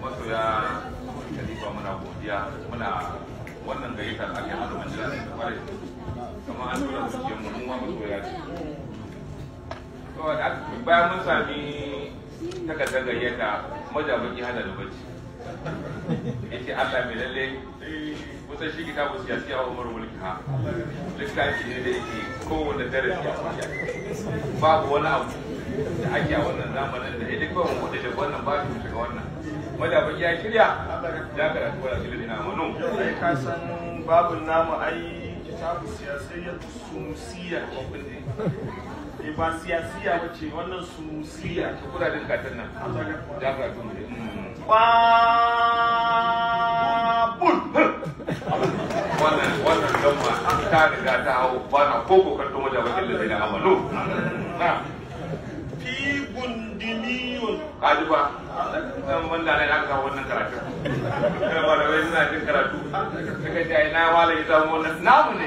masoya muna muna wannan da kamar an tura mun ce bayan mun sami takardar gayyata majabaki hana da bacci ya ce allah mai lalle kusan shi kita ku siyasi a umar mulki ha littafi ne da yake kowane darasi a babu wani abu da ake a wannan zamanin da ya duk kawai mu da wannan babu shiga wannan madafin ya shirya ya karatu wa rasulun ina manu sai ka san babun namu ai kitabu siyasai ya sunusiya ne eh, ba siyasiya ba ce wannan sunusiya ta kudaden katin nan ya karatu mu hmm. babun wannan wannan damma ta riga ta hau bana ko kokar tumu da wakil da zai da amalo na fi gundimiyun kaji ba zan ban lalai na samu wannan karatu kada jin karatu suka ce ai na wala ya samu wannan namu ne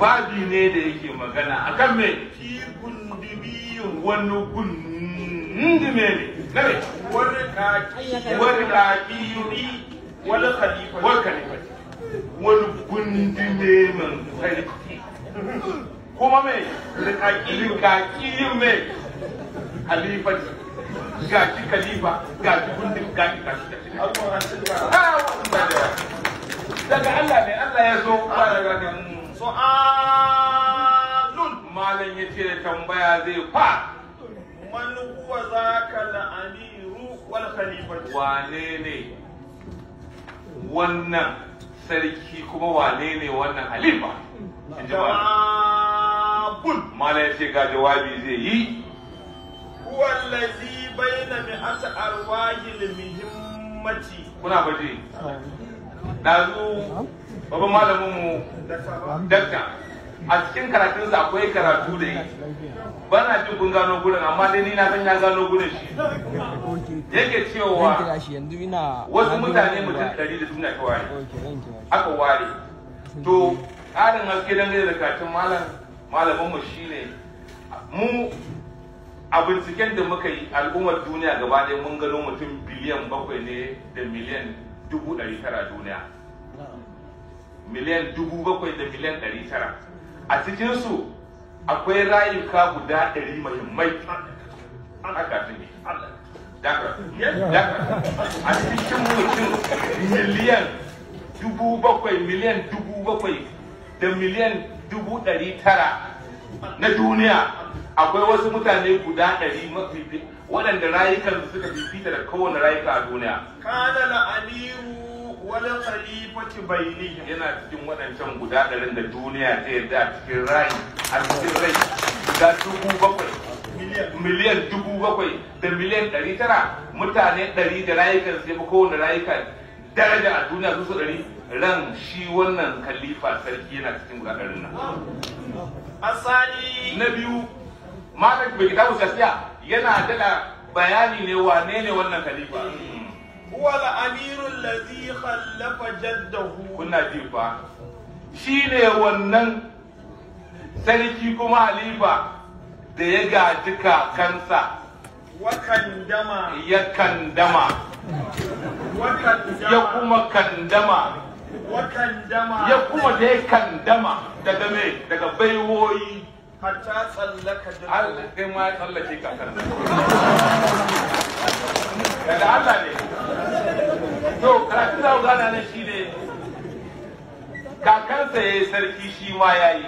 babi ne da yake magana akan me fi gundubiyun wani gundume ne na me wani kakiyuni wani khalifa wani khalifa wani gundume man sarki kuma me rikaki rikaki me halifati ga shi kalifa ga shi gundin ga shi ga daga Allah ne Allah ya zo ba daga nan so alun malam ya ce da tambaya zai fa man huwa zaka la'amiru wal Khalifa. wane ne wannan sarki kuma wane ne wannan halifa in ji malam ya ce ga jawabi zai yi huwa allazi baina mi'ati arwahil muhimmati kuna baje dazu babban malamin mu dakta a cikin karatunsa akwai karatu da yi ba na kun gano gurin amma dai ni na san ya gano gurin shi yake cewa wasu mutane mutum dari da suna ware aka ware to ƙarin haske dangane da karatun malam malamin mu shine mu a binciken da muka yi al'ummar duniya gaba ɗaya mun gano mutum biliyan bakwai ne da miliyan dubu ɗari tara duniya miliyan dubu bakwai da miliyan ɗari tara a cikinsu akwai rayuka guda ɗari mahimmai haka su ne a cikin mutum miliyan dubu bakwai miliyan dubu bakwai da miliyan dubu ɗari tara na duniya akwai wasu mutane guda ɗari mafifi waɗanda rayukan suka fifita da kowane rayuka a duniya kana da aliyu wala khalifati ne? yana cikin waɗancan guda ɗarin da duniya ta yarda cikin rai a cikin rai guda dubu bakwai miliyan dubu bakwai da miliyan ɗari tara mutane ɗari da rayukan sai kowane rayuka daraja a duniya su su ɗari ran shi wannan khalifa sarki yana cikin guda ɗarin nan asali na biyu malam bai kitabu shasiya yana da bayani ne wane ne wannan khalifa wal amirul ladhi khallafa jaddahu kuna ji fa shine wannan sarki kuma halifa da ya gaji wa kandama ya kandama ya kuma kandama ya kuma da ya kandama daga me daga baiwoyi hatta tsallaka jirgin ma ya tsallake kakar Allah ne to za gana nan shi ne kakansa ya yi sarki shi ma ya yi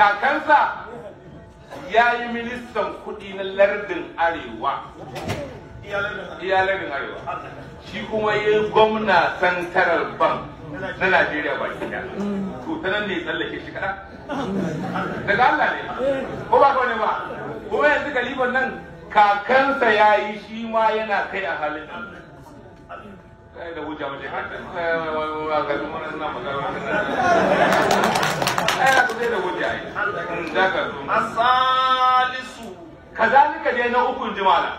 kakansa ya yi ministan kuɗi na lardin arewa iya arewa shi kuma ya yi gwamna santarar ban na najeriya baki da to ta nan ne tsallake shi kaɗan daga Allah ne ko ba ne ba kuma yanzu kalifan nan kakansa ya yi shi ma yana kai a halin nan da wuce mace asalisu kazalika dai na ukun jimala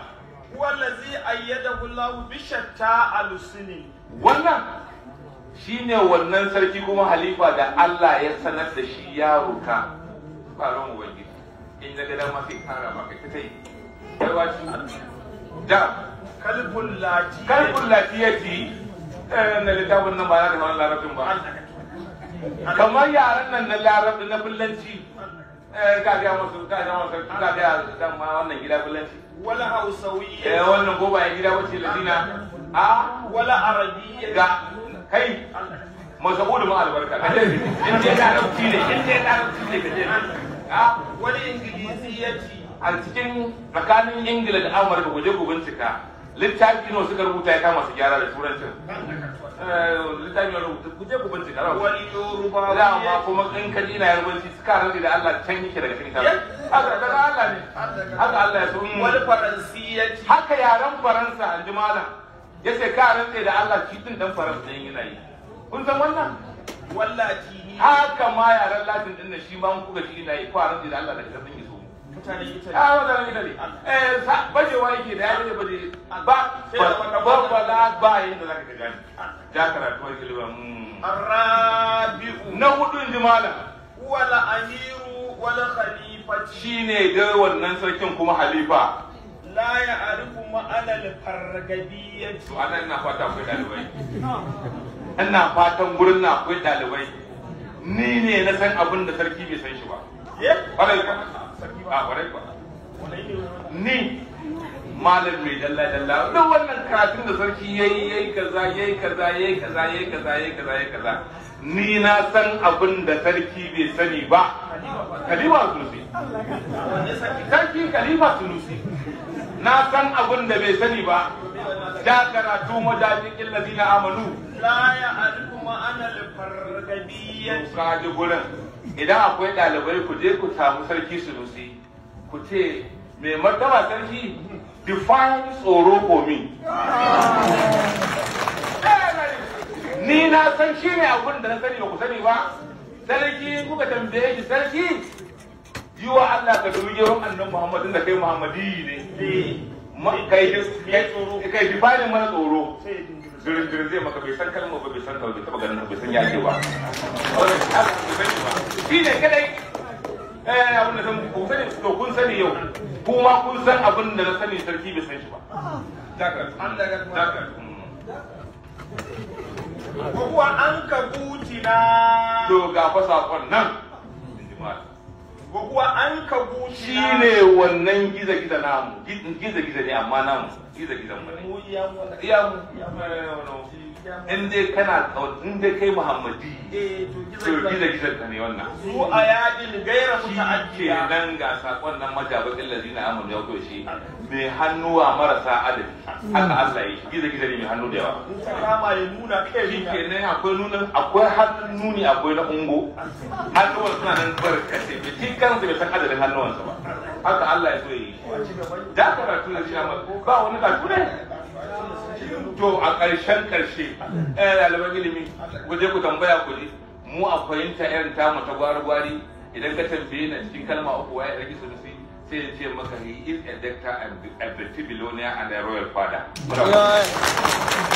wallazi ayyadahu Allah bi shatta alusini wannan Shi ne wannan sarki kuma halifa da Allah ya sanar da shi ya roka ba ran ubangiji in da gadan mafi kara ba kai kai garwaci da kalbul lati kalbul latiyati eh, na littafin nan ba na da larabcin ba kamar yaran nan na larabci na bullanci eh, ka masu musu ka ga musu ka dan ma wannan gida bullanci wala hausawiyya eh wannan goba ya gida wace ladina a wala arabiyya ga kai masa'udu ma albarka ka je in je larabci ne in je larabci ne ka je a wani ingilisi ya ci a cikin tsakanin ingila da amurka guje ku bincika littafi nawa suka rubuta ya kama su gyara da turancin eh, littafi nawa rubuta guje ku bincika rawa wani yoruba da amma kuma in ka ji na yarbanci suka rage da Allah can yake daga cikin kafin haka daga Allah ne haka Allah ya so wani faransiyanci haka yaren faransa a ji malam ya sai ka rantse da Allah shi din dan faransa din yana yi kun san wannan wallahi haka ma yaran latin din nan shi ma mun kuka shi yana yi ko rantse da Allah da kafin yi so mutanen Italy ah mutanen Italy eh bajewa yake da ya baje baje ba ba ba da ba yin da zaka gani ja karatu wai kalma mm. arabiu na hudun jimala wala amiru wala khalifati shine da wannan sarkin kuma halifa la ya arifu ma'anar fargabiyyar to ana ina fata akwai dalibai ina fatan gurin na akwai dalibai ni ne na san abin da sarki bai san shi ba ƙwarai ba a ƙwarai ba ni malam mai dalla dalla duk wannan karatun da sarki yayi yayi kaza yayi kaza yayi kaza yayi kaza yayi kaza yayi kaza ni na san abin da sarki bai sani ba kalima sunusi. sarki kalima sulusi na san abin da bai sani ba da karatu madadin illazi na amanu la ya alkuma ana ka ji gurin idan akwai ɗalibai ku je ku samu sarki sunusi ku ce mai martaba sarki define tsoro for me ni na san shi ne abin da na sani ba ku sani ba sarki kuka tambaye shi sarki yi wa Allah ka dubi geron annan Muhammadu da kai yi ne kai kai dibanin mana tsoro dirin dirin zai maka bai san kalma ba bai san kawai bai taba bai san yake ba shi ne kadai eh abin da zan ku sani to kun sani yau kuma kun san abin da na sani sarki bai san shi ba dakar dakar kuwa an ka buci na to ga sakon nan huwa an ka guci ne wannan giza giza namu giza ne amma namu giza giza mu ne in dai kana in dai kai muhammadi eh, to giza giza ka ne wannan su a yadin gaira muta'addiya nan ga sakon nan majabatin lazina amanu ya koshi mai hannuwa marasa adadi haka Allah yi giza giza ne mai hannu da yawa kama ne nuna kai shi kenan akwai nuna akwai hannun nuni akwai na ungo hannuwan suna nan barkace bai shi kansa bai san adadin hannuwansa ba haka Allah ya so yi da karatu da shi ba wani karatu ne to a ƙarshen ƙarshe ɗaya hmm. ɗaliban ilimi guje ku tambaya ku ji mu a fahimta irin tamu ta gwari-gwari idan ka tambaye na cikin kalma uku waye sun sunusi sai ya ce maka he is a doctor a vetibillionaire and a royal father.